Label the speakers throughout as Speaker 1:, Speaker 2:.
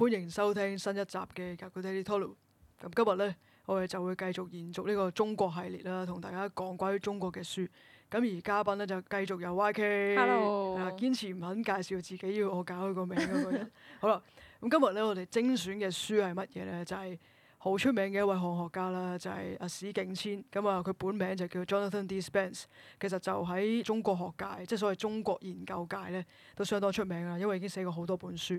Speaker 1: 歡迎收聽新一集嘅《考古探秘》，咁今日呢，我哋就會繼續延續呢個中國系列啦，同大家講關於中國嘅書。咁而嘉賓呢，就繼續由 YK，Hello，堅持唔肯介紹自己，要我搞佢個名嗰個人。 好啦，咁今日呢，我哋精選嘅書係乜嘢呢？就係、是、好出名嘅一位漢學家啦，就係、是、阿、啊、史景遷。咁啊，佢本名就叫 Jonathan D. Spence。其實就喺中國學界，即、就、係、是、所謂中國研究界呢，都相當出名啦，因為已經寫過好多本書。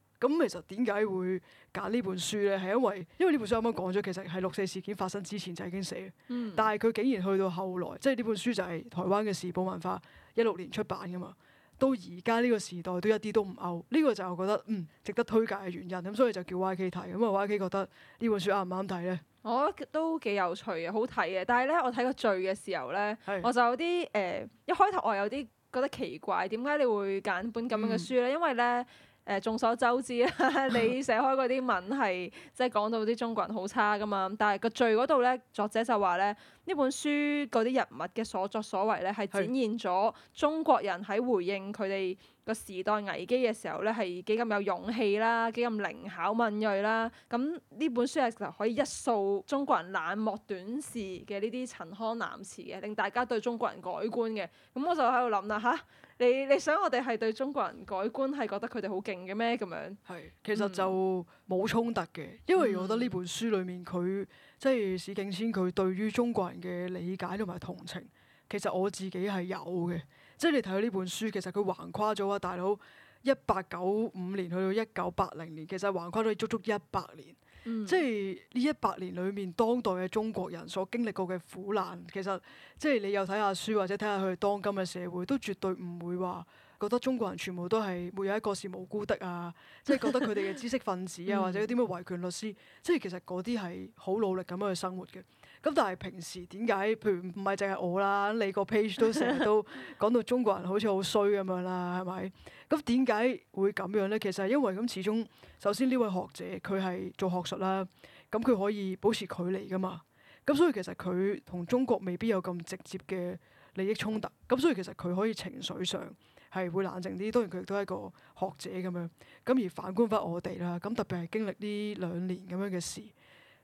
Speaker 1: 咁其實點解會揀呢本書咧？係因為因為呢本書啱啱講咗，其實係六四事件發生之前就已經寫。嗯、但係佢竟然去到後來，即係呢本書就係台灣嘅時報文化一六年出版噶嘛，到而家呢個時代都一啲都唔 out。呢、呢個就係我覺得嗯值得推介嘅原因。咁所以就叫 Y K 睇。咁啊，Y K 覺得呢本書啱唔啱睇咧？
Speaker 2: 我覺得都幾有趣嘅，好睇嘅。但係咧，我睇個序嘅時候咧，是 我就有啲誒、呃、一開頭我有啲覺得奇怪，點解你會揀本咁樣嘅書咧？嗯、因為咧。誒、呃、眾所周知啦， 你寫開嗰啲文係即係講到啲中國人好差㗎嘛，但係個序嗰度咧，作者就話咧呢本書嗰啲人物嘅所作所為咧係展現咗中國人喺回應佢哋個時代危機嘅時候咧係幾咁有勇氣啦，幾咁靈巧敏鋭啦。咁呢本書係其實可以一掃中國人冷漠短視嘅呢啲陳腔濫調嘅，令大家對中國人改觀嘅。咁我就喺度諗啦嚇。你你想我哋係對中國人改觀，係覺得佢哋好勁嘅咩？咁樣，係，
Speaker 1: 其實就冇衝突嘅，因為我覺得呢本書裏面佢即係史景遷佢對於中國人嘅理解同埋同情，其實我自己係有嘅。即係你睇到呢本書，其實佢橫跨咗啊大佬一八九五年去到一九八零年，其實橫跨咗足足一百年。嗯、即係呢一百年裏面，當代嘅中國人所經歷過嘅苦難，其實即係你有睇下書或者睇下佢哋當今嘅社會，都絕對唔會話覺得中國人全部都係沒有一個是無辜的啊！即係覺得佢哋嘅知識分子啊， 或者啲咩維權律師，嗯、即係其實嗰啲係好努力咁樣去生活嘅。咁但係平時點解？譬如唔係淨係我啦，你個 page 都成日都講到中國人好似好衰咁樣啦，係咪？咁點解會咁樣咧？其實因為咁始終，首先呢位學者佢係做學術啦，咁佢可以保持距離㗎嘛。咁所以其實佢同中國未必有咁直接嘅利益衝突。咁所以其實佢可以情緒上係會冷靜啲。當然佢亦都係一個學者咁樣。咁而反觀返我哋啦，咁特別係經歷呢兩年咁樣嘅事。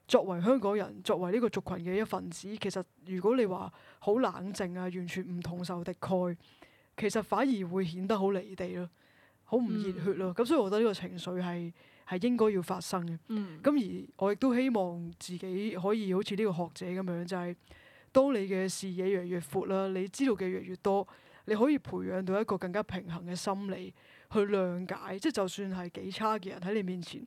Speaker 1: 作為香港人，作為呢個族群嘅一份子，其實如果你話好冷靜啊，完全唔同仇敵愾，其實反而會顯得好離地咯，好唔熱血咯。咁、嗯、所以我覺得呢個情緒係係應該要發生嘅。咁、嗯、而我亦都希望自己可以好似呢個學者咁樣，就係、是、當你嘅視野越嚟越闊啦，你知道嘅越嚟越多，你可以培養到一個更加平衡嘅心理去諒解，即、就是、就算係幾差嘅人喺你面前，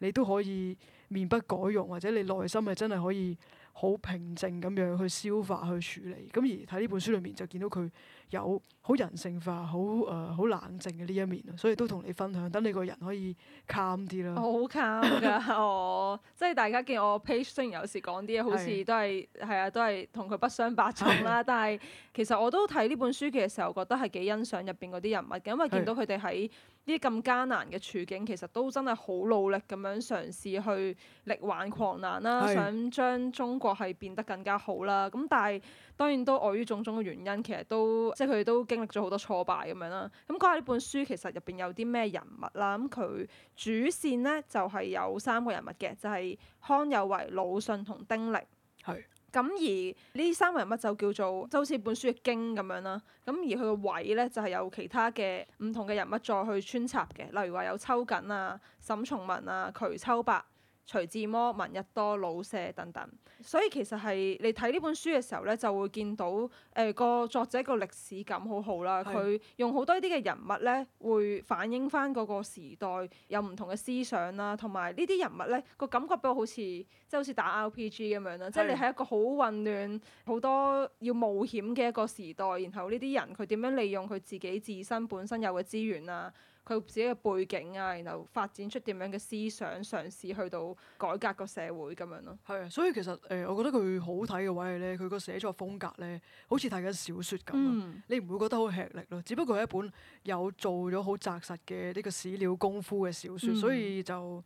Speaker 1: 你都可以。面不改容，或者你內心係真係可以好平靜咁樣去消化、去處理。咁而喺呢本書裏面就見到佢有好人性化、好誒好冷靜嘅呢一面，所以都同你分享，等你個人可以 calm 啲啦。
Speaker 2: 好 calm 㗎，我即係大家見我 page 雖然有時講啲嘢好似都係係啊，都係同佢不相伯仲啦。的但係其實我都睇呢本書嘅時候，覺得係幾欣賞入邊嗰啲人物嘅，因為見到佢哋喺。呢啲咁艱難嘅處境，其實都真係好努力咁樣嘗試去力挽狂瀾啦，是想將中國係變得更加好啦。咁但係當然都礙於種種嘅原因，其實都即係佢哋都經歷咗好多挫敗咁樣啦。咁講下呢本書其實入邊有啲咩人物啦？咁佢主線咧就係、是、有三個人物嘅，就係、是、康有為、魯迅同丁玲。係。咁而呢三個人物就叫做就好似本書嘅經咁樣啦。咁而佢個位咧就係有其他嘅唔同嘅人物再去穿插嘅，例如話有秋瑾啊、沈從文啊、瞿秋白、徐志摩、聞一多、老舍等等，所以其實係你睇呢本書嘅時候咧，就會見到誒、呃個作者個歷史感好好啦。佢是的 用好多呢啲嘅人物咧，會反映翻嗰個時代有唔同嘅思想啦，同埋呢啲人物咧、個感覺俾我好似即係好似打 RPG 咁樣啦。即係是的 你喺一個好混亂、好多要冒險嘅一個時代，然後呢啲人佢點樣利用佢自己自身本身有嘅資源啊？佢自己嘅背景啊，然後發展出點樣嘅思想，嘗試去到改革個社會咁樣咯。係啊，
Speaker 1: 所以其實誒、呃，我覺得佢好睇嘅位係咧，佢個寫作風格咧，好似睇緊小説咁，你唔會覺得好吃力咯。只不過係一本有做咗好紮實嘅呢、這個史料功夫嘅小説，嗯、所以就。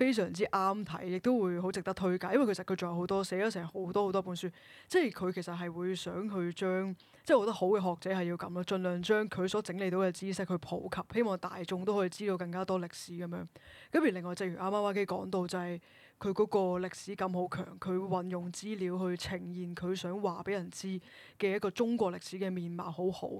Speaker 1: 非常之啱睇，亦都會好值得推介，因為其實佢仲有好多寫咗成好多好多本書，即係佢其實係會想去將，即係我覺得好嘅學者係要咁咯，盡量將佢所整理到嘅知識去普及，希望大眾都可以知道更加多歷史咁樣。咁而另外，正如啱啱瓦基講到，就係佢嗰個歷史感好強，佢運用資料去呈現佢想話俾人知嘅一個中國歷史嘅面貌，好好。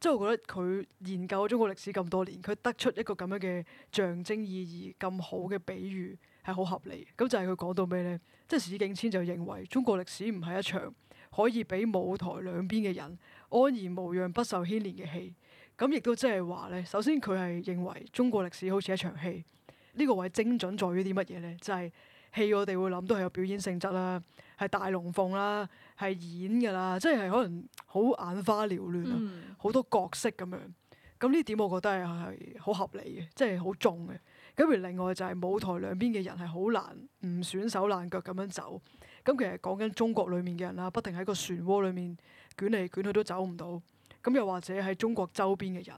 Speaker 1: 即係我覺得佢研究中國歷史咁多年，佢得出一個咁樣嘅象徵意義咁好嘅比喻係好合理。咁就係佢講到咩咧？即係史景遷就認為中國歷史唔係一場可以俾舞台兩邊嘅人安然無恙不受牽連嘅戲。咁亦都即係話咧，首先佢係認為中國歷史好似一場戲。呢、這個位精準在於啲乜嘢咧？就係、是、戲我哋會諗都係有表演性質啦。係大龍鳳啦，係演㗎啦，即係可能好眼花撩亂啊，嗯、好多角色咁樣。咁呢點我覺得係係好合理嘅，即係好重嘅。咁而另外就係舞台兩邊嘅人係好難唔損手爛腳咁樣走。咁其實講緊中國裡面嘅人啦，不停喺個漩渦裡面捲嚟捲去都走唔到。咁又或者喺中國周邊嘅人。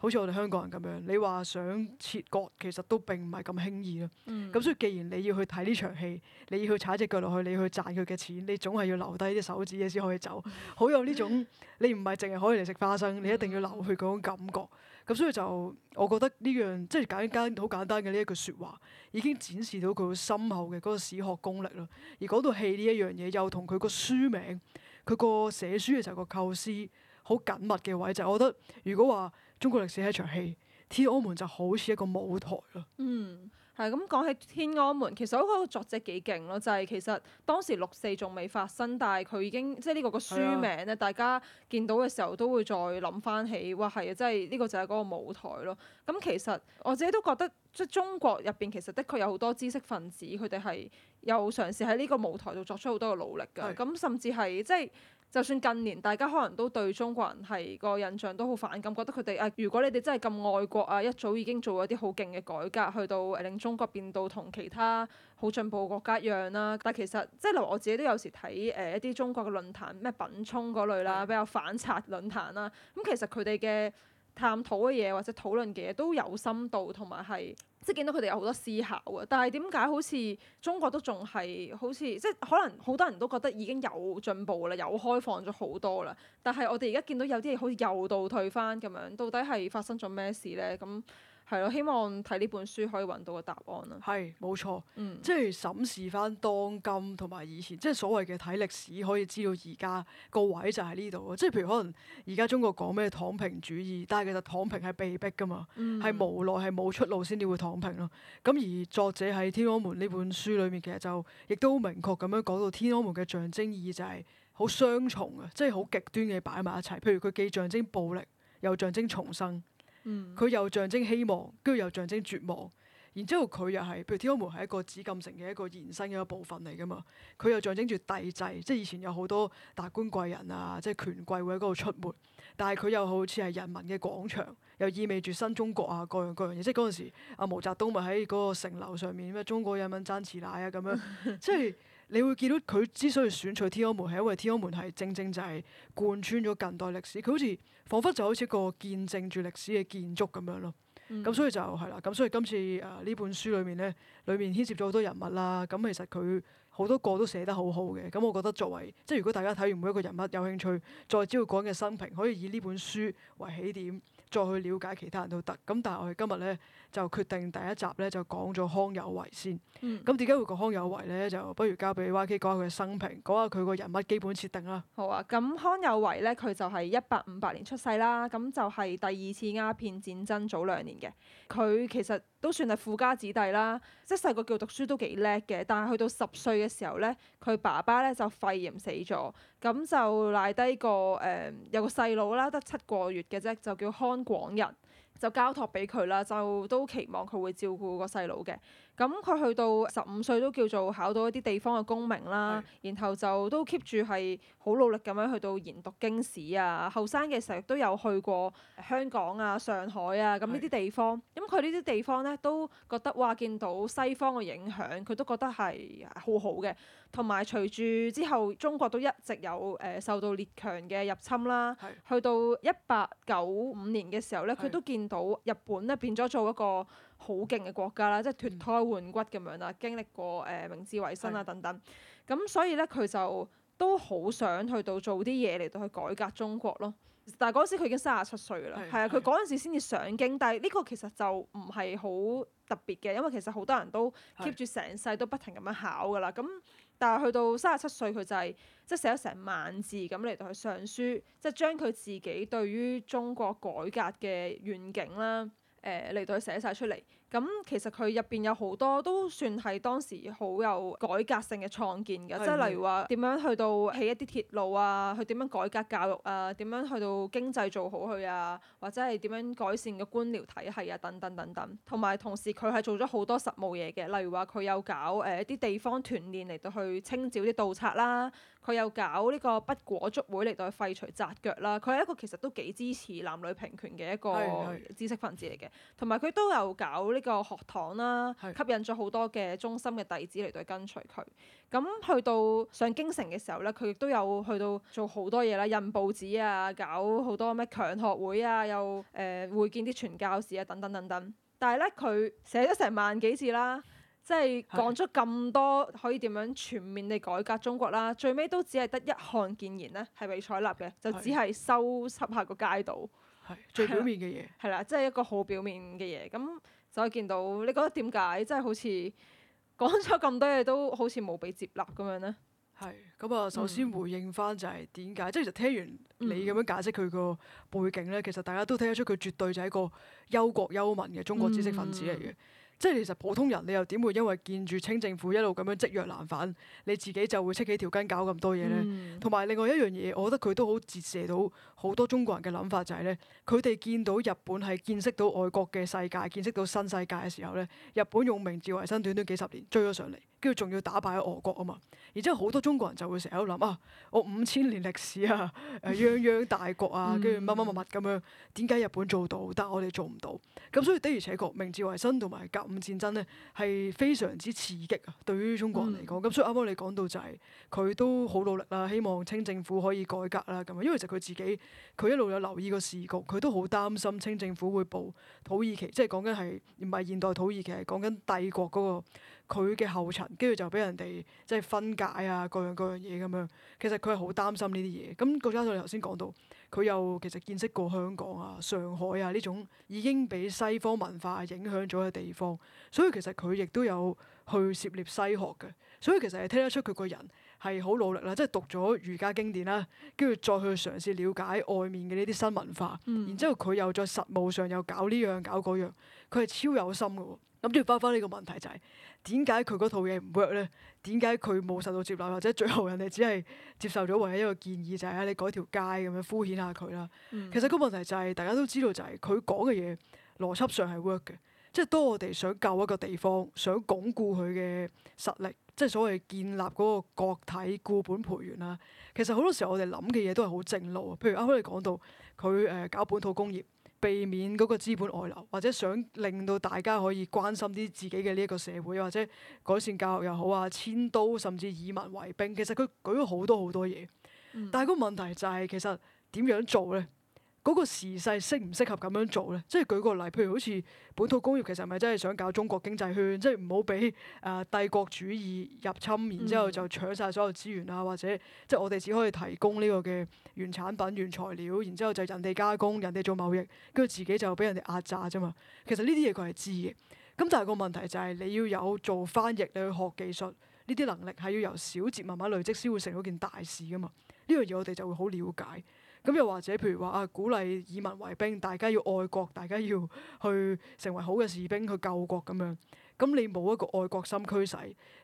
Speaker 1: 好似我哋香港人咁樣，你話想切割其實都並唔係咁輕易咯。咁、嗯、所以，既然你要去睇呢場戲，你要去踩一隻腳落去，你要去賺佢嘅錢，你總係要留低啲手指嘢先可以走。好有呢種、嗯、你唔係淨係可以嚟食花生，你一定要流血嗰種感覺。咁所以就我覺得呢樣即係、就是、簡單好簡單嘅呢一句説話，已經展示到佢好深厚嘅嗰個史學功力啦。而嗰套戲呢一樣嘢，又同佢個書名、佢個寫書嘅時候個構思好緊密嘅位，就是、我覺得如果話。中國歷史係一場戲，天安門就好似一個舞
Speaker 2: 台咯。嗯，係咁講起天安門，其實我覺得個作者幾勁咯，就係其實當時六四仲未發生，但係佢已經即係呢個個書名咧，的大家見到嘅時候都會再諗翻起，哇，係啊，即係呢個就係嗰個舞台咯。咁其實我自己都覺得，即係中國入邊其實的確有好多知識分子，佢哋係有嘗試喺呢個舞台度作出好多嘅努力㗎。咁的甚至係即係。就算近年大家可能都對中國人係個印象都好反感，覺得佢哋誒，如果你哋真係咁愛國啊，一早已經做咗啲好勁嘅改革，去到誒、呃、令中國變到同其他好進步嘅國家一樣啦、啊。但其實即係例如我自己都有時睇誒、呃、一啲中國嘅論壇，咩品蔥嗰類啦，是的 比較反賊論壇啦。咁、啊嗯、其實佢哋嘅探討嘅嘢或者討論嘅嘢都有深度，同埋係。即見到佢哋有好多思考啊，但係點解好似中國都仲係好似即係可能好多人都覺得已經有進步啦，有開放咗好多啦，但係我哋而家見到有啲嘢好似又倒退翻咁樣，到底係發生咗咩事咧？咁、嗯係咯，希望睇呢本書可以揾到個答案啦。
Speaker 1: 係，冇錯，嗯、即係審視翻當今同埋以前，即係所謂嘅睇歷史可以知道而家個位就喺呢度咯。即係譬如可能而家中國講咩躺平主義，但係其實躺平係被逼噶嘛，係、嗯、無奈係冇出路先至會躺平咯。咁而作者喺《天安門》呢本書裏面其實就亦都好明確咁樣講到天安門嘅象徵意義就係好雙重啊，即係好極端嘅擺埋一齊。譬如佢既象徵暴力，又象徵重生。佢、嗯、又象徵希望，跟住又象徵絕望。然之後佢又係，譬如天安門係一個紫禁城嘅一個延伸嘅一部分嚟㗎嘛。佢又象徵住帝制，即係以前有好多達官貴人啊，即係權貴會喺嗰度出沒。但係佢又好似係人民嘅廣場，又意味住新中國啊，各樣各樣嘢。即係嗰陣時，阿毛澤東咪喺嗰個城樓上面咩？中國人民爭鮮奶啊咁樣，即係。 你會見到佢之所以選取天安門，係因為天安門係正正就係貫穿咗近代歷史，佢好似彷彿就好似一個見證住歷史嘅建築咁樣咯。咁、嗯、所以就係啦，咁所以今次誒呢、呃、本書裏面咧，裏面牽涉咗好多人物啦。咁其實佢好多個都寫得好好嘅。咁我覺得作為即係如果大家睇完每一個人物有興趣，再知道講嘅生平，可以以呢本書為起點。再去了解其他人都得，咁但係我哋今日咧就決定第一集咧就講咗康有為先。咁點解會講康有為咧？就不如交俾 y k i 講下佢嘅生平，講下佢個人物基本設定啦。
Speaker 2: 好啊，咁康有為咧佢就係一八五八年出世啦，咁就係第二次鴉片戰爭早兩年嘅。佢其實都算係富家子弟啦，即係細個叫讀書都幾叻嘅，但係去到十歲嘅時候咧，佢爸爸咧就肺炎死咗，咁就賴低個誒、呃、有個細佬啦，得七個月嘅啫，就叫康。廣人就交託俾佢啦，就都期望佢會照顧個細佬嘅。咁佢去到十五歲都叫做考到一啲地方嘅功名啦，是然後就都 keep 住係好努力咁樣去到研讀經史啊。後生嘅時候都有去過香港啊、上海啊，咁呢啲地方。咁佢呢啲地方呢都覺得哇，見到西方嘅影響，佢都覺得係好好嘅。同埋隨住之後，中國都一直有誒、呃、受到列強嘅入侵啦。是去到一八九五年嘅時候呢，佢是都見到日本咧變咗做一個好勁嘅國家啦，即係脫胎換骨咁樣啦，經歷過誒、呃、明治維新啊等等，咁是的 所以咧佢就都好想去到做啲嘢嚟到去改革中國咯。但係嗰時佢已經三十七歲啦，係啊的，佢嗰陣時先至上京，但係呢個其實就唔係好特別嘅，因為其實好多人都 keep 住成世都不停咁樣考㗎啦。咁是的 但係去到三十七歲佢就係即係寫咗成萬字咁嚟到去上書，即、就、係、是、將佢自己對於中國改革嘅願景啦。誒，嚟到寫晒出嚟。咁其實佢入邊有好多都算係當時好有改革性嘅創建嘅，的即係例如話點樣去到起一啲鐵路啊，去點樣改革教育啊，點樣去到經濟做好去啊，或者係點樣改善嘅官僚體係啊，等等等等。同埋同時佢係做咗好多實務嘢嘅，例如話佢有搞誒一啲地方團練嚟到去清剿啲盜賊啦，佢有搞呢個不裹足會嚟到去廢除紮腳啦。佢係一個其實都幾支持男女平權嘅一個知識分子嚟嘅，同埋佢都有搞呢、這個。呢個學堂啦，吸引咗好多嘅忠心嘅弟子嚟到跟隨佢。咁去到上京城嘅時候咧，佢亦都有去到做好多嘢啦，印報紙啊，搞好多咩強學會啊，又誒、呃、會見啲傳教士啊，等等等等。但係咧，佢寫咗成萬幾字啦，即係講咗咁多的可以點樣全面地改革中國啦，最尾都只係得一項建言咧係被採納嘅，就只係收拾下個街道，
Speaker 1: 的的最表面嘅嘢，
Speaker 2: 係啦，即係一個好表面嘅嘢咁。所以見到你覺得點解即係好似講咗咁多嘢都好似冇被接納咁樣咧？係
Speaker 1: 咁啊！首先回應返就係點解？嗯、即係其實聽完你咁樣解釋佢個背景咧，其實大家都聽得出佢絕對就係一個憂國憂民嘅中國知識分子嚟嘅。即係其實普通人你又點會因為見住清政府一路咁樣積弱難返，你自己就會戚幾條筋搞咁多嘢咧？同埋、嗯、另外一樣嘢，我覺得佢都好折射到好多中國人嘅諗法，就係、是、咧，佢哋見到日本係見識到外國嘅世界，見識到新世界嘅時候咧，日本用明治維新短短幾十年追咗上嚟。跟住仲要打敗俄國啊嘛，然之後好多中國人就會成日都諗啊，我五千年歷史啊，誒、呃、泱泱大國啊，跟住乜乜乜乜咁樣，點解日本做到，但係我哋做唔到？咁所以的而且確，明治維新同埋甲午戰爭咧係非常之刺激啊，對於中國人嚟講。咁、嗯、所以啱啱你講到就係、是、佢都好努力啦，希望清政府可以改革啦咁啊，因為其實佢自己佢一路有留意個時局，佢都好擔心清政府會報土耳其，即係講緊係唔係現代土耳其，係講緊帝國嗰、那個。佢嘅後塵，跟住就俾人哋即係分解啊，各樣各樣嘢咁樣。其實佢係好擔心呢啲嘢。咁郭嘉俊頭先講到，佢又其實見識過香港啊、上海啊呢種已經俾西方文化影響咗嘅地方，所以其實佢亦都有去涉獵西學嘅。所以其實係聽得出佢個人係好努力啦，即係讀咗儒家經典啦，跟住再去嘗試了解外面嘅呢啲新文化。嗯、然之後佢又再實務上又搞呢樣搞嗰樣，佢係超有心嘅喎。諗住翻返呢個問題就係點解佢嗰套嘢唔 work 咧？點解佢冇受到接納？或者最後人哋只係接受咗唯一一個建議，就係、是、喺你嗰條街咁樣敷衍下佢啦。嗯、其實個問題就係、是、大家都知道、就是，就係佢講嘅嘢邏輯上係 work 嘅，即係當我哋想救一個地方，想鞏固佢嘅實力，即係所謂建立嗰個國體固本培元啦。其實好多時候我哋諗嘅嘢都係好正路，譬如啱啱你講到佢誒、呃、搞本土工業。避免嗰個資本外流，或者想令到大家可以關心啲自己嘅呢一個社會，或者改善教育又好啊，遷都甚至以民為兵，其實佢舉咗好多好多嘢，嗯、但係個問題就係、是、其實點樣做咧？嗰個時勢適唔適合咁樣做咧？即係舉個例，譬如好似本土工業，其實咪真係想搞中國經濟圈，即係唔好俾誒帝國主義入侵，然之後就搶晒所有資源啊，嗯、或者即係、就是、我哋只可以提供呢個嘅原產品、原材料，然之後就人哋加工、人哋做貿易，跟住自己就俾人哋壓榨啫嘛。其實呢啲嘢佢係知嘅。咁但係個問題就係、是、你要有做翻譯，你去學技術呢啲能力係要由小節慢慢累積先會成咗件大事㗎嘛。呢樣嘢我哋就會好了解。咁又或者譬如話啊，鼓勵以民為兵，大家要愛國，大家要去成為好嘅士兵去救國咁樣。咁你冇一個愛國心驅使，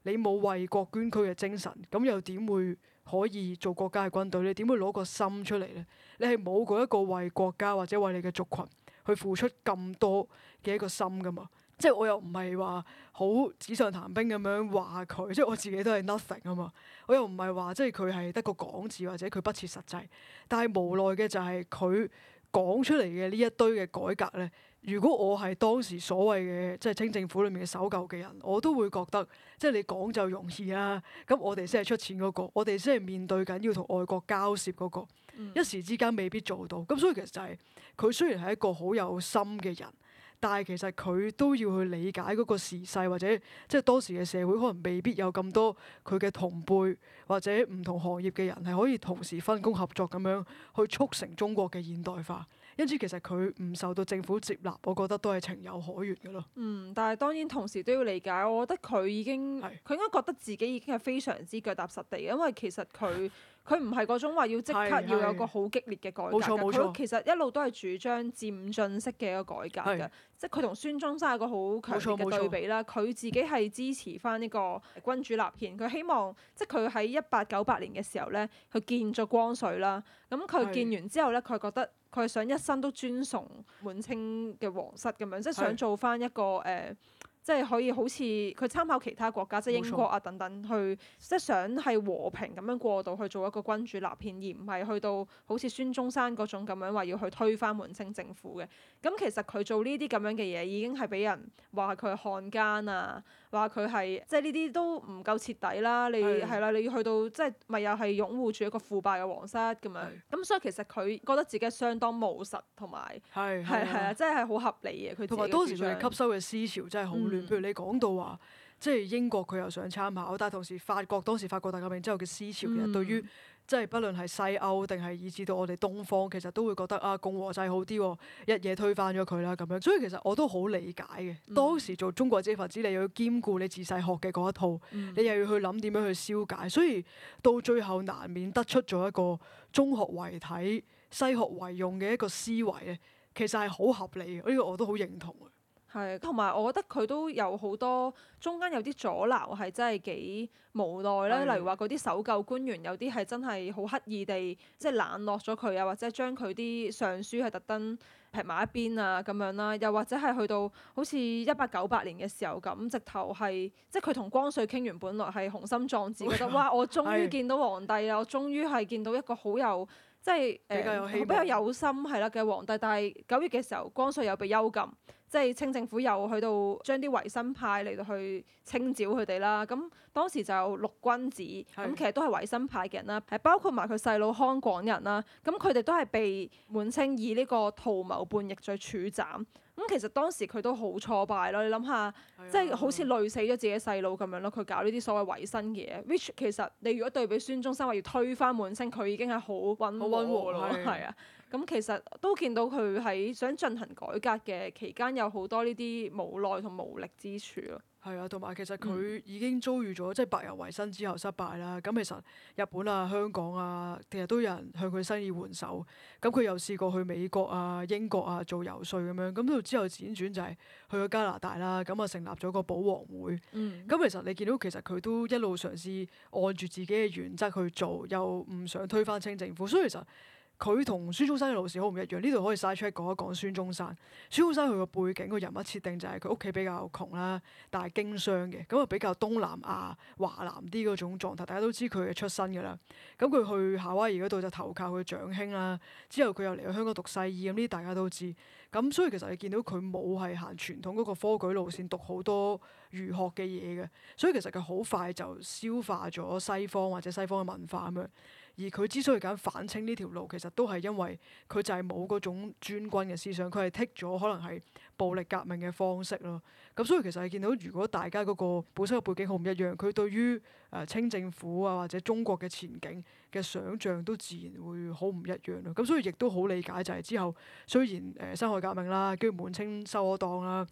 Speaker 1: 你冇為國捐軀嘅精神，咁又點會可以做國家嘅軍隊咧？點會攞個心出嚟咧？你係冇嗰一個為國家或者為你嘅族群去付出咁多嘅一個心噶嘛？即係我又唔係話好紙上談兵咁樣話佢，即係我自己都係 nothing 啊嘛！我又唔係話即係佢係得個講字或者佢不切實際，但係無奈嘅就係佢講出嚟嘅呢一堆嘅改革咧，如果我係當時所謂嘅即係清政府裏面嘅守舊嘅人，我都會覺得即係你講就容易啦，啊，咁我哋先係出錢嗰，那個，我哋先係面對緊要同外國交涉嗰，那個，mm. 一時之間未必做到。咁所以其實就係，是，佢雖然係一個好有心嘅人。但係其實佢都要去理解嗰個時勢，或者即係當時嘅社會可能未必有咁多佢嘅同輩或者唔同行業嘅人係可以同時分工合作咁樣去促成中國嘅現代化。因此其實佢唔受到政府接納，我覺得都係情有可
Speaker 2: 原㗎咯。嗯，但係當然同時都要理解，我覺得佢已經佢的應該覺得自己已經係非常之腳踏實地，因為其實佢。 佢唔係嗰種話要即刻要有一個好激烈嘅改革，佢冇錯其實一路都係主張漸進式嘅一個改革嘅，冇錯即係佢同孫中山有一個好強烈嘅對比啦。佢冇錯自己係支持翻呢個君主立憲，佢希望即係佢喺一八九八年嘅時候咧，佢見咗光緒啦。咁佢見完之後咧，佢覺得佢想一生都尊崇滿清嘅皇室咁樣，即係想做翻一個誒。呃即係可以好似佢參考其他國家，即係英國啊等等，錯去即係想係和平咁樣過渡去做一個君主立憲，而唔係去到好似孫中山嗰種咁樣話要去推翻滿清政府嘅。咁、嗯、其實佢做呢啲咁樣嘅嘢，已經係俾人話佢係漢奸啊，話佢係即係呢啲都唔夠徹底啦。你係啦的，你要去到即係咪又係擁護住一個腐敗嘅皇室咁樣？咁的所以其實佢覺得自己相當務實同埋，
Speaker 1: 係係係啊，即
Speaker 2: 係係好合理嘅。佢同埋當時佢係吸
Speaker 1: 收嘅思潮真係好亂。嗯譬如你講到話，即係英國佢又想參考，但係同時法國當時法國大革命之後嘅思潮，其實對於、嗯、即係不論係西歐定係以至到我哋東方，其實都會覺得啊共和制好啲喎，一嘢推翻咗佢啦咁樣。所以其實我都好理解嘅。嗯、當時做中國知識分子，你又要兼顧你自細學嘅嗰一套，嗯、你又要去諗點樣去消解，所以到最後難免得出咗一個中學為體、西學為用嘅一個思維咧，其實係好合理嘅。呢、呢個我都好認同。
Speaker 2: 係，同埋我覺得佢都有好多中間有啲阻撓，係真係幾無奈咧。的例如話嗰啲守舊官員，有啲係真係好刻意地即係冷落咗佢啊，或者係將佢啲上書係特登劈埋一邊啊咁樣啦。又或者係去到好似一八九八年嘅時候咁，直頭係即係佢同光緒傾完，本來係雄心壯志， 覺得哇！我終於見到皇帝啦，的我終於係見到一個好有即係誒比較有心係啦嘅皇帝。但係九月嘅時候，光緒又被幽禁。即係清政府又去到將啲維新派嚟到去清剿佢哋啦，咁當時就有六君子，咁是其實都係維新派嘅人啦，係包括埋佢細佬康廣仁啦，咁佢哋都係被滿清以呢個圖謀叛逆罪處斬。咁其實當時佢都好挫敗咯，你諗下，的即係好似累死咗自己細佬咁樣咯，佢搞呢啲所謂維新嘢。which 其實你如果對比孫中山話要推翻滿清，佢已經係好温和咯，係啊。咁其實都見到佢喺想進行改革嘅期間，有好多呢啲無奈同無力之處咯。
Speaker 1: 係啊，同埋其實佢已經遭遇咗即係百日維新之後失敗啦。咁、嗯、其實日本啊、香港啊，其實都有人向佢施以援手。咁佢又試過去美國啊、英國啊做遊説咁樣。咁佢之後輾轉就係去咗加拿大啦。咁啊成立咗個保皇會。咁、嗯、其實你見到其實佢都一路嘗試按住自己嘅原則去做，又唔想推翻清政府。所以其實。佢同孫中山嘅老師好唔一樣，呢度可以曬出嚟講一講孫中山。孫中山佢個背景，個人物設定就係佢屋企比較窮啦，但係經商嘅，咁、嗯、啊比較東南亞、華南啲嗰種狀態。大家都知佢嘅出身㗎啦。咁、嗯、佢去夏威夷嗰度就投靠佢嘅長兄啦，之後佢又嚟去香港讀西醫，咁呢啲大家都知。咁、嗯、所以其實你見到佢冇係行傳統嗰個科舉路線讀好多儒學嘅嘢嘅，所以其實佢好快就消化咗西方或者西方嘅文化咁樣。而佢之所以揀反清呢條路，其實都係因為佢就係冇嗰種專軍嘅思想，佢係剔咗可能係暴力革命嘅方式咯。咁所以其實你見到，如果大家嗰個本身嘅背景好唔一樣，佢對於誒清政府啊或者中國嘅前景嘅想像都自然會好唔一樣咯。咁所以亦都好理解，就係之後雖然誒辛亥革命啦，跟住滿清收咗檔啦。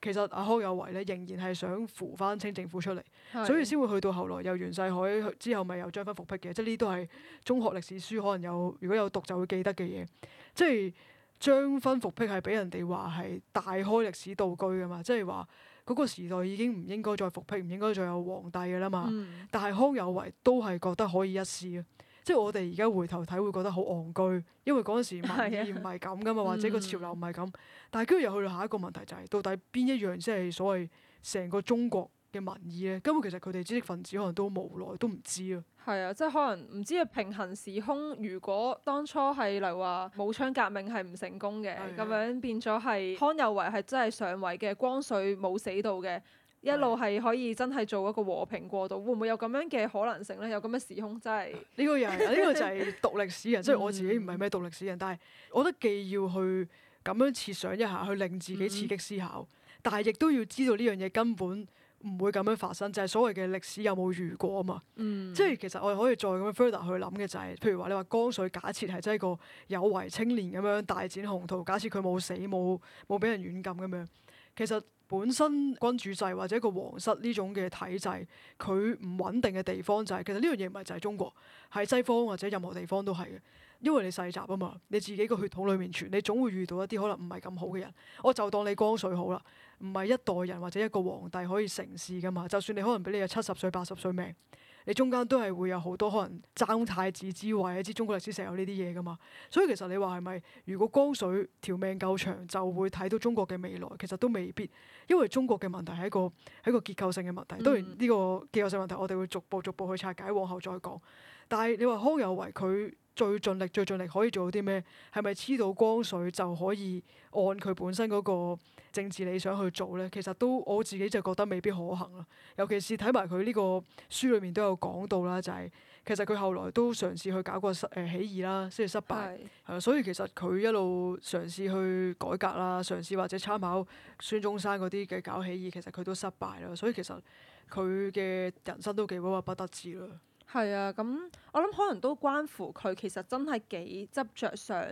Speaker 1: 其實阿康有為咧仍然係想扶翻清政府出嚟，的所以先會去到後來又袁世凱之後咪又有張勳復辟嘅，即係呢都係中學歷史書可能有如果有讀就會記得嘅嘢，即係張勳復辟係俾人哋話係大開歷史道具噶嘛，即係話嗰個時代已經唔應該再復辟，唔應該再有皇帝嘅啦嘛，嗯、但係康有為都係覺得可以一試啊。即係我哋而家回頭睇會覺得好戇居，因為嗰陣時民意唔係咁㗎嘛，或者個潮流唔係咁。但係跟住又去到下一個問題就係、是，到底邊一樣即係所謂成個中國嘅民意咧？根本其實佢哋知識分子可能都無奈都唔知啊。
Speaker 2: 係啊，即係可能唔知係平行時空。如果當初係嚟話武昌革命係唔成功嘅，咁、啊、樣變咗係康有為係真係上位嘅，光緒冇死到嘅。一路係可以真係做一個和平過渡，會唔會有咁樣嘅可能性呢？有咁嘅時空真係呢、啊呢個人。呢、呢個就係
Speaker 1: 讀歷史人，即係 我自己唔係咩讀歷史人，但係我覺得既要去咁樣設想一下，去令自己刺激思考，嗯、但係亦都要知道呢樣嘢根本唔會咁樣發生，就係、是、所謂嘅歷史有冇如果啊嘛？即係、嗯、其實我哋可以再咁 further 去諗嘅就係、是，譬如話你話江水，假設係真係一個有為青年咁樣大展宏圖，假設佢冇死冇冇俾人軟禁咁樣，其實。本身君主制或者一個皇室呢種嘅體制，佢唔穩定嘅地方就係、是，其實呢樣嘢唔係就係中國，喺西方或者任何地方都係嘅，因為你世襲啊嘛，你自己個血統裏面傳，你總會遇到一啲可能唔係咁好嘅人，我就當你光緒好啦，唔係一代人或者一個皇帝可以成事噶嘛，就算你可能俾你有七十歲八十歲命。你中間都係會有好多可能爭太子之位，啲中國歷史上有呢啲嘢㗎嘛？所以其實你話係咪如果光緒條命夠長就會睇到中國嘅未來，其實都未必，因為中國嘅問題係一個係一個結構性嘅問題。當然呢個結構性問題我哋會逐步逐步去拆解，往後再講。但係你話康有為佢。最盡力、最盡力可以做到啲咩？係咪黐到光緒就可以按佢本身嗰個政治理想去做咧？其實都我自己就覺得未必可行啦。尤其是睇埋佢呢個書裏面都有講到啦，就係、是、其實佢後來都嘗試去搞過誒、呃、起義啦，先至失敗係啦對、啊。所以其實佢一路嘗試去改革啦，嘗試或者參考孫中山嗰啲嘅搞起義，其實佢
Speaker 2: 都失敗啦。所以其實佢嘅人生都幾彎彎不得志啦。係啊，咁我諗可能都關乎佢其實真係幾執著想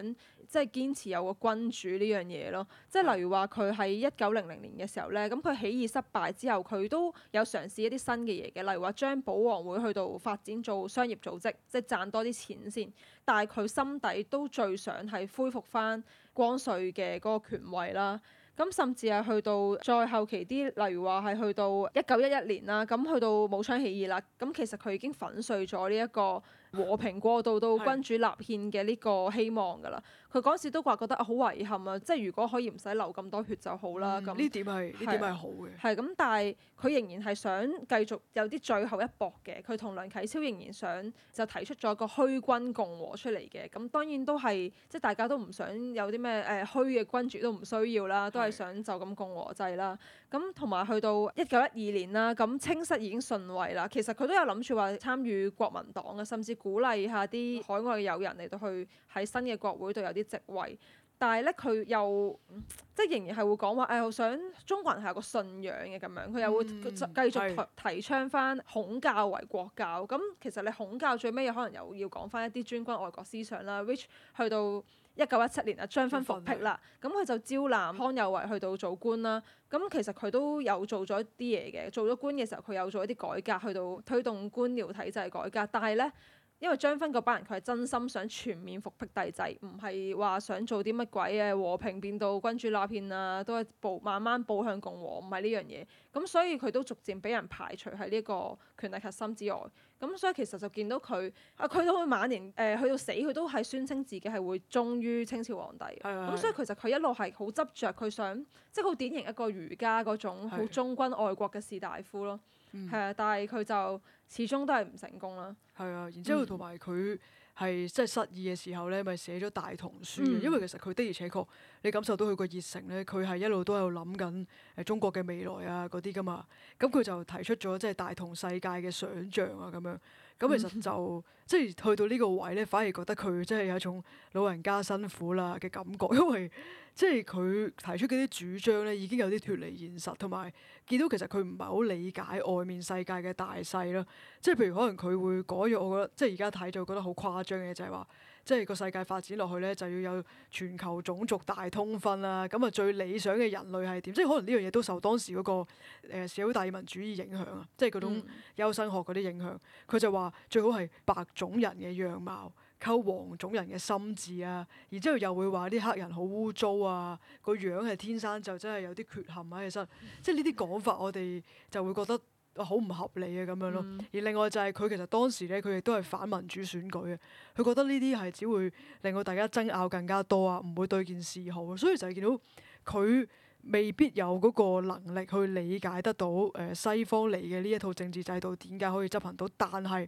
Speaker 2: 即係、就是、堅持有個君主呢樣嘢咯。即係例如話佢喺一九零零年嘅時候咧，咁佢起義失敗之後，佢都有嘗試一啲新嘅嘢嘅，例如話將保皇會去到發展做商業組織，即係賺多啲錢先。但係佢心底都最想係恢復翻光緒嘅嗰個權位啦。咁甚至係去到再後期啲，例如話係去到一九一一年啦，咁去到武昌起義啦，咁其實佢已經粉碎咗呢一個。和平過渡到君主立憲嘅呢個希望㗎啦，佢嗰時都話覺得好遺憾啊，即係如果可以唔使流咁多血就好啦。咁呢、嗯、那點係呢是點係好嘅。係咁，但係佢仍然係想繼續有啲最後一搏嘅。佢同梁啟超仍然想就提出咗個虛君共和出嚟嘅。咁當然都係即係大家都唔想有啲咩誒虛嘅君主都唔需要啦，都係想就咁共和制啦。咁同埋去到一九一二年啦，咁清室已經遜位啦。其實佢都有諗住話參與國民黨啊，甚至。鼓勵下啲海外嘅友人嚟到去喺新嘅國會度有啲席位，但係咧佢又即係仍然係會講話誒，好想中國人係有個信仰嘅咁樣，佢又會繼、嗯、續提，對提倡翻孔教為國教。咁、嗯、其實你孔教最尾可能又要講翻一啲尊君愛國思想啦。Which 去到一九一七年啊，張勳復辟啦，咁佢、嗯、了就招攬康有為去到做官啦。咁、嗯、其實佢都有做咗啲嘢嘅，做咗官嘅時候佢有做一啲改革，去到推動官僚體制改革，但係咧。因為張勳嗰班人佢係真心想全面復辟帝制，唔係話想做啲乜鬼嘅、啊、和平變到君主立憲啊，都係步慢慢步向共和，唔係呢樣嘢。咁所以佢都逐漸俾人排除喺呢個權力核心之外。咁所以其實就見到佢啊，佢到晚年誒去、呃、到死，佢都係宣稱自己係會忠於清朝皇帝。係咁是所以其實佢一路係好執著，佢想即係好典型一個儒家嗰種好忠君愛國嘅士大夫咯。係啊的，嗯、但係佢就。始終都係唔成功啦。
Speaker 1: 係啊，然之後同埋佢係即係失意嘅時候咧，咪寫咗《大同書》，嗯。因為其實佢的而且確，你感受到佢個熱誠咧，佢係一路都有諗緊誒中國嘅未來啊嗰啲噶嘛。咁佢就提出咗即係大同世界嘅想像啊咁樣。咁其實就、嗯、即係去到呢個位咧，反而覺得佢真係有一種老人家辛苦啦嘅感覺，因為，即係佢提出嗰啲主張咧，已經有啲脫離現實，同埋見到其實佢唔係好理解外面世界嘅大勢啦。即係譬如可能佢會改咗，我覺得即係而家睇就覺得好誇張嘅就係、是、話，即係個世界發展落去咧就要有全球種族大通婚啦。咁啊最理想嘅人類係點？即係可能呢樣嘢都受當時嗰、那個誒社會達爾文主義影響啊，即係嗰種優生學嗰啲影響。佢、嗯、就話最好係白種人嘅樣貌。溝黃種人嘅心智啊，然之後又會話啲黑人好污糟啊，個樣係天生就真係有啲缺陷啊，其實即係呢啲講法，我哋就會覺得好唔合理啊。咁樣咯。嗯、而另外就係佢其實當時咧，佢亦都係反民主選舉啊，佢覺得呢啲係只會令到大家爭拗更加多啊，唔會對件事好，所以就係見到佢未必有嗰個能力去理解得到誒、呃、西方嚟嘅呢一套政治制度點解可以執行到，但係。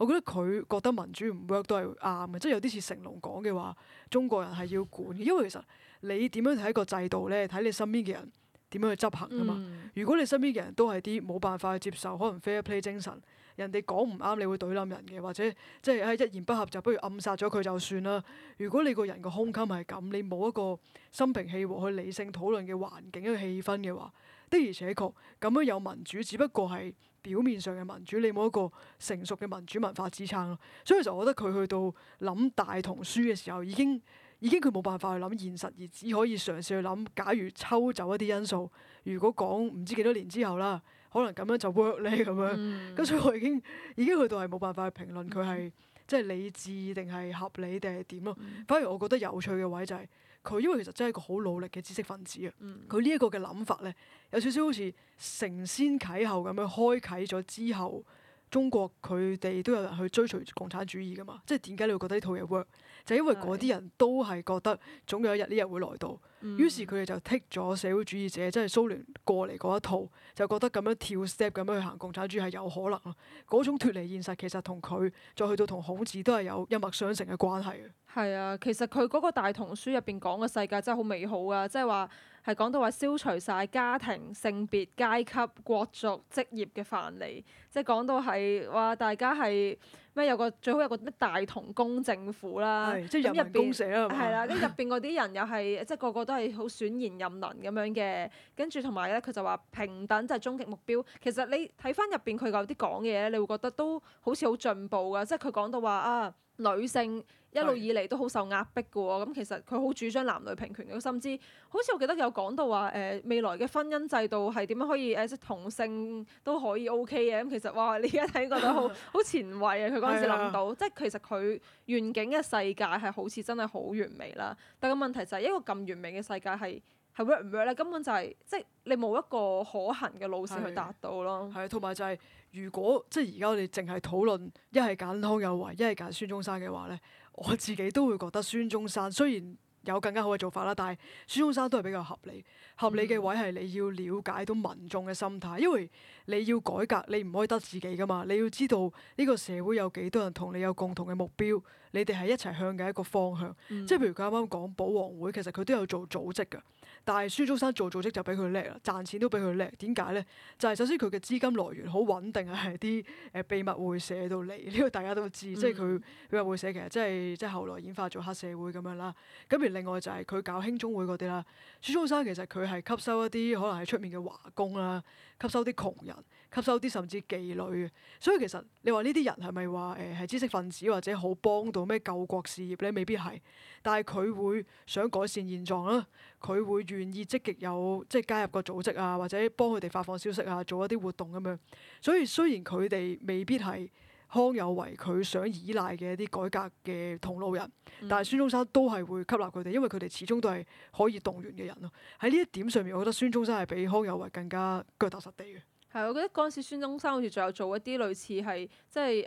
Speaker 1: 我覺得佢覺得民主唔 work 都係啱嘅，即係有啲似成龍講嘅話，中國人係要管，因為其實你點樣睇個制度咧，睇你身邊嘅人點樣去執行啊嘛。嗯、如果你身邊嘅人都係啲冇辦法去接受，可能 fair play 精神，人哋講唔啱，你會懟冧人嘅，或者即係一言不合就不如暗殺咗佢就算啦。如果你個人個胸襟係咁，你冇一個心平氣和去理性討論嘅環境一個氣氛嘅話，的而且確咁樣有民主，只不過係表面上嘅民主，你冇一個成熟嘅民主文化支撐咯。所以就覺得佢去到諗大同書嘅時候，已經已經佢冇辦法去諗現實，而只可以嘗試去諗，假如抽走一啲因素，如果講唔知幾多年之後啦，可能咁樣就 work 咧咁樣。咁、嗯、所以我已經已經去到係冇辦法去評論佢係、嗯、即係理智定係合理定係點咯。反而我覺得有趣嘅位就係、是。佢因為其實真係一個好努力嘅知識分子啊，佢、嗯、呢一個嘅諗法咧，有少少好似承先啟後咁樣開啟咗之後，中國佢哋都有人去追隨共產主義噶嘛，即係點解你會覺得呢套嘢 work？就因為嗰啲人都係覺得總有一日呢日會來到，嗯、於是佢哋就剔咗社會主義者，即、就、係、是、蘇聯過嚟嗰一套，就覺得咁樣跳 step 咁樣去行共產主義係有可能咯。嗰種脫離現實，其實同佢再去到同孔子都係有一脈相承嘅關係。
Speaker 2: 係啊，其實佢嗰個大同書入邊講嘅世界真係好美好啊！即係話係講到話消除晒家庭、性別、階級、國族、職業嘅樊籬，即係講到係話大家係。有個最好有個咩大同公政府啦，咁、即係、入邊，係啦，咁入邊嗰啲人又係即係個個都係好選賢任能咁樣嘅，跟住同埋咧，佢就話平等就係終極目標。其實你睇翻入邊佢有啲講嘢咧，你會覺得都好似好進步噶，即係佢講到話啊女性。一路以嚟都好受壓迫嘅喎、哦，咁其實佢好主張男女平權嘅，甚至好似我記得有講到話誒、呃、未來嘅婚姻制度係點樣可以誒同性都可以 O K 嘅，咁其實哇你而家睇覺得好好前衛啊！佢嗰陣時諗到， 即其實佢願景嘅世界係好似真係好完美啦，但個問題就係一個咁完美嘅世界係係 work 唔 work 咧？根本就係、是、即你冇一個可行嘅路線去達到咯。係啊，同埋就係、是、如果即係而家我哋淨係討論一係揀康
Speaker 1: 有為，一係揀孫中山嘅話咧。我自己都會覺得孫中山雖然有更加好嘅做法啦，但係孫中山都係比較合理。合理嘅位係你要了解到民眾嘅心態，因為你要改革，你唔可以得自己㗎嘛。你要知道呢個社會有幾多人同你有共同嘅目標。你哋係一齊向嘅一個方向，嗯、即係譬如佢啱啱講保皇會，其實佢都有做組織嘅，但係孫中山做組織就比佢叻啦，賺錢都比佢叻。點解咧？就係、是、首先佢嘅資金來源好穩定啊，係啲誒秘密會寫到嚟，呢、呢個大家都知。嗯、即係佢秘密會寫其實即係即係後來演化做黑社會咁樣啦。咁而另外就係佢搞興中會嗰啲啦。孫中山其實佢係吸收一啲可能係出面嘅華工啦，吸收啲窮人。吸收啲甚至妓女嘅，所以其實你話呢啲人係咪話誒係知識分子或者好幫到咩救國事業咧？未必係，但係佢會想改善現狀啦，佢會願意積極有即係、就是、加入個組織啊，或者幫佢哋發放消息啊，做一啲活動咁樣。所以雖然佢哋未必係康有為佢想依賴嘅一啲改革嘅同路人，嗯、但係孫中山都係會吸納佢哋，因為佢哋始終都係可以動員嘅人咯。喺呢一點上面，我覺得孫中山係比康有為更加腳踏實地嘅。
Speaker 2: 係，我覺得嗰陣時孫中山好似仲有做一啲類似係，即係誒，佢、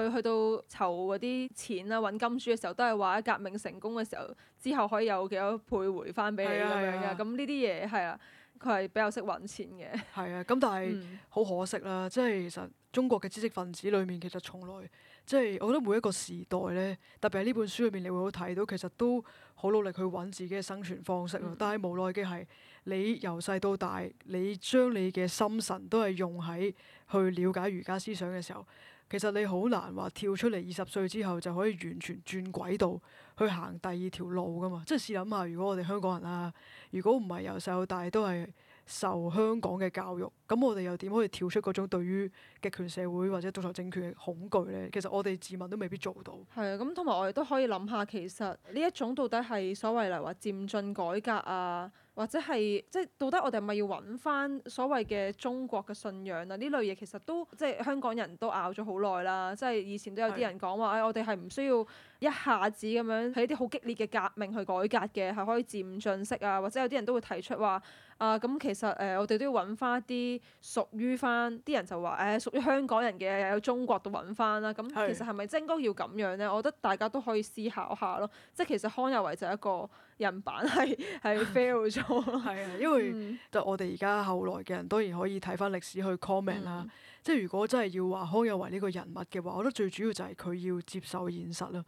Speaker 2: 呃、去到籌嗰啲錢啊，揾金主嘅時候，都係話革命成功嘅時候之後可以有幾多倍回翻俾你咁樣嘅。咁呢啲嘢係啊，佢係比較識揾錢嘅。
Speaker 1: 係啊，咁但係好可惜啦，嗯、即係其實中國嘅知識分子裏面，其實從來即係、就是、我覺得每一個時代咧，特別喺呢本書裏面，你會好睇到其實都好努力去揾自己嘅生存方式咯。嗯、但係無奈嘅係。你由細到大，你將你嘅心神都係用喺去了解儒家思想嘅時候，其實你好難話跳出嚟二十歲之後就可以完全轉軌道去行第二條路㗎嘛？即係試諗下，如果我哋香港人啊，如果唔係由細到大都係受香港嘅教育，咁我哋又點可以跳出嗰種對於極權社會或者獨裁政權嘅恐懼咧？其實我哋自問都未必做到。
Speaker 2: 係啊，咁同埋我哋都可以諗下，其實呢一種到底係所謂嚟話漸進改革啊？或者係即係到底我哋係咪要揾翻所謂嘅中國嘅信仰啊？呢類嘢其實都即係香港人都拗咗好耐啦。即係以前都有啲人講話，誒是的、哎、我哋係唔需要一下子咁樣喺啲好激烈嘅革命去改革嘅，係可以漸進式啊。或者有啲人都會提出話。啊，咁其實誒、呃，我哋都要揾翻啲屬於翻啲人就話誒、呃，屬於香港人嘅，又有中國都揾翻啦。咁、嗯、是其實係咪真應該要咁樣呢？我覺得大家都可以思考下咯。即係其實康有為就一個人版係係
Speaker 1: fail 咗。係啊， 因為、嗯、就我哋而家後來嘅人當然可以睇翻歷史去 comment 啦。嗯、即係如果真係要話康有為呢個人物嘅話，我覺得最主要就係佢要接受現實咯。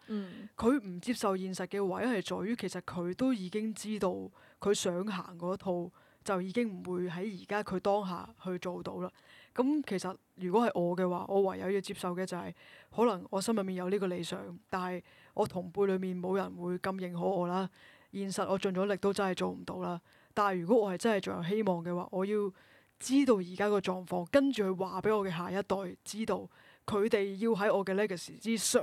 Speaker 1: 佢唔、嗯、接受現實嘅位係在於其實佢都已經知道佢想行嗰套。就已經唔會喺而家佢當下去做到啦。咁其實如果係我嘅話，我唯有要接受嘅就係，可能我心入面有呢個理想，但係我同輩裏面冇人會咁認可我啦。現實我盡咗力都真係做唔到啦。但係如果我係真係仲有希望嘅話，我要知道而家個狀況，跟住去話俾我嘅下一代知道，佢哋要喺我嘅 legacy 之上，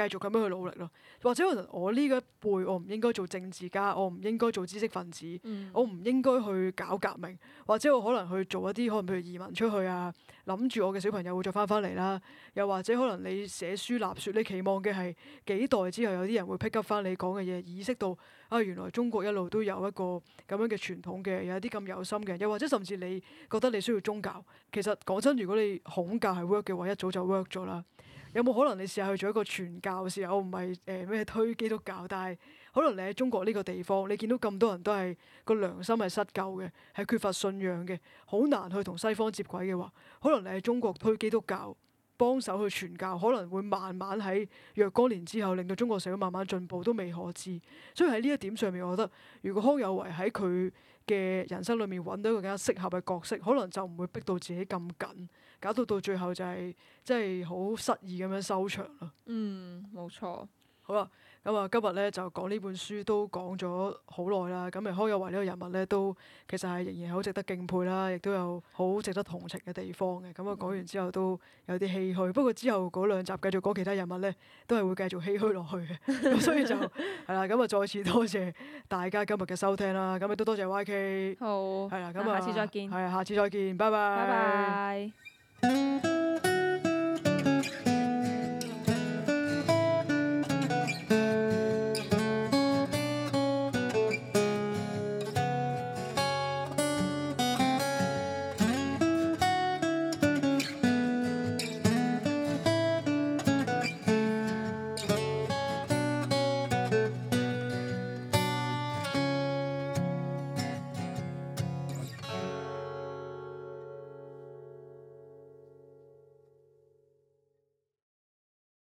Speaker 1: 繼續咁樣去努力咯，或者可能我呢一輩，我唔應該做政治家，我唔應該做知識分子，嗯、我唔應該去搞革命，或者我可能去做一啲可能譬如移民出去啊，諗住我嘅小朋友會再翻翻嚟啦。又或者可能你寫書立説，你期望嘅係幾代之後有啲人會 pick up 翻你講嘅嘢，意識到啊，原來中國一路都有一個咁樣嘅傳統嘅，有啲咁有心嘅。又或者甚至你覺得你需要宗教，其實講真，如果你孔教係 work 嘅話，一早就 work 咗啦。有冇可能你試下去做一個傳教士試下？我唔係誒咩推基督教，但係可能你喺中國呢個地方，你見到咁多人都係個良心係失救嘅，係缺乏信仰嘅，好難去同西方接軌嘅話，可能你喺中國推基督教，幫手去傳教，可能會慢慢喺若干年之後令到中國社會慢慢進步，都未可知。所以喺呢一點上面，我覺得如果康有為喺佢，嘅人生裏面揾到一個更加適合嘅角色，可能就唔會逼到自己咁緊，搞到到最後就係即係好失意咁樣收場咯。
Speaker 2: 嗯，冇錯。
Speaker 1: 好啦，咁、嗯、啊今日咧就講呢本書都講咗好耐啦，咁、嗯、啊康有為呢個人物咧都其實係仍然好值得敬佩啦，亦都有好值得同情嘅地方嘅。咁、嗯、啊、嗯、講完之後都有啲唏噓，不過之後嗰兩集繼續講其他人物咧，都係會繼續唏噓落去嘅。咁 所以就係啦，咁、嗯、啊再次多謝大家今日嘅收聽啦，咁亦都多謝 YK。好，係、嗯、啦，咁啊下，下次再見。係啊，下次再見，拜拜。拜拜。